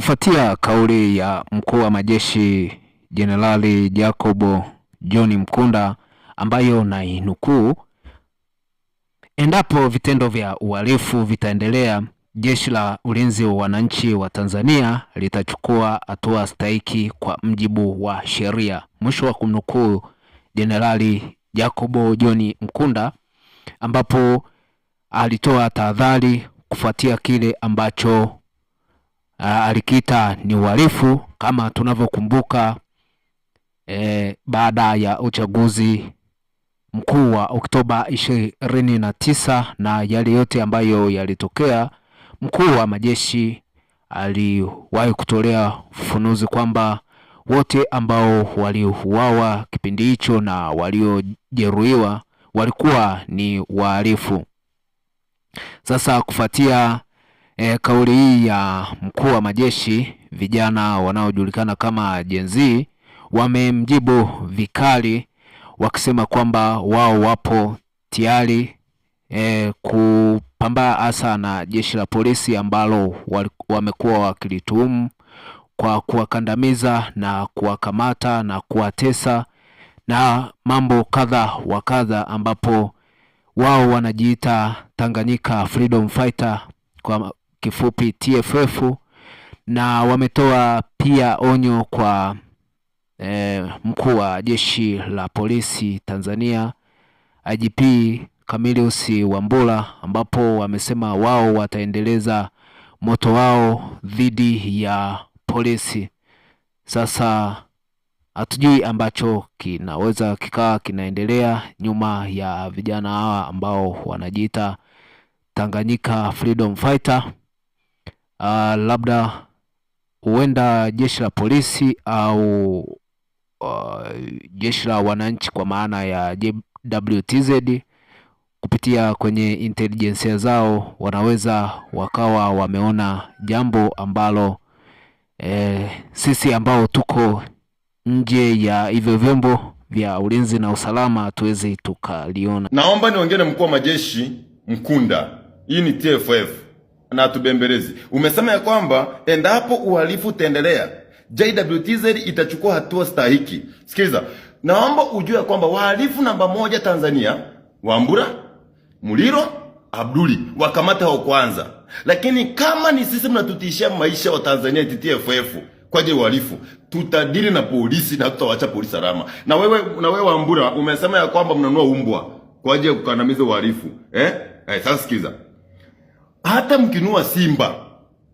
Kufuatia kauli ya mkuu wa majeshi Jenerali Jacobo John Mkunda ambayo nainukuu, endapo vitendo vya uhalifu vitaendelea, jeshi la ulinzi wa wananchi wa Tanzania litachukua hatua stahiki kwa mjibu wa sheria, mwisho wa kumnukuu Jenerali Jacobo John Mkunda, ambapo alitoa tahadhari kufuatia kile ambacho alikiita ni uhalifu kama tunavyokumbuka e, baada ya uchaguzi mkuu wa Oktoba ishirini na tisa na yale yote ambayo yalitokea, mkuu wa majeshi aliwahi kutolea ufunuzi kwamba wote ambao waliuawa kipindi hicho na waliojeruhiwa walikuwa ni wahalifu. Sasa kufuatia E, kauli hii ya mkuu wa majeshi vijana wanaojulikana kama Gen Z wamemjibu vikali wakisema kwamba wao wapo tayari e, kupambana hasa na jeshi la polisi ambalo wamekuwa wakilituhumu kwa kuwakandamiza na kuwakamata na kuwatesa na mambo kadha wa kadha, ambapo wao wanajiita Tanganyika Freedom Fighter kwa, kifupi TFF, na wametoa pia onyo kwa e, mkuu wa jeshi la polisi Tanzania IGP Camillus Wambura, ambapo wamesema wao wataendeleza moto wao dhidi ya polisi. Sasa hatujui ambacho kinaweza kikaa kinaendelea nyuma ya vijana hawa ambao wanajiita Tanganyika Freedom Fighter uh, labda huenda jeshi la polisi au uh, jeshi la wananchi kwa maana ya JWTZ kupitia kwenye intelijensia zao wanaweza wakawa wameona jambo ambalo e, sisi ambao tuko nje ya hivyo vyombo vya ulinzi na usalama tuwezi tukaliona. Naomba niongee na mkuu wa majeshi Mkunda, hii ni TFF na tubembelezi. Umesema ya kwamba endapo uhalifu utaendelea, JWTZ itachukua hatua stahiki. Sikiliza, naomba ujue ya kwamba wahalifu namba moja Tanzania, Wambura, Muliro, Abduli wakamata wa kwanza, lakini kama ni sisi mnatutishia maisha wa Tanzania TTFF kwa ajili uhalifu, tutadili na polisi na tutawacha polisi salama. Na wewe na wewe Wambura, umesema ya kwamba mnanua umbwa kwa ajili ya kukandamiza uhalifu eh? Eh, sasa sikiza hata mkinua simba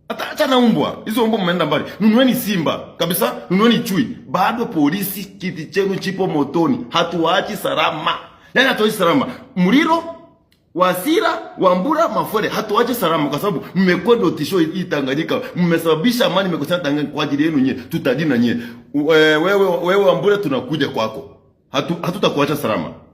hata acha na umbwa hizo mbwa, mmeenda mbali. Nunueni simba kabisa, nunueni chui. Bado polisi kiti chenu chipo motoni, hatuachi salama. Yani hatuachi salama, Muriro Wasira Wambura mafore hatuwaachi salama, kwa sababu mmekuwa ndio tisho hii Tanganyika, mmesababisha amani mmekosana Tanganyika kwa ajili yenu nyewe, tutadina nyewe. Wewe wewe Wambura, tunakuja kwako, hatutakuacha hatu salama.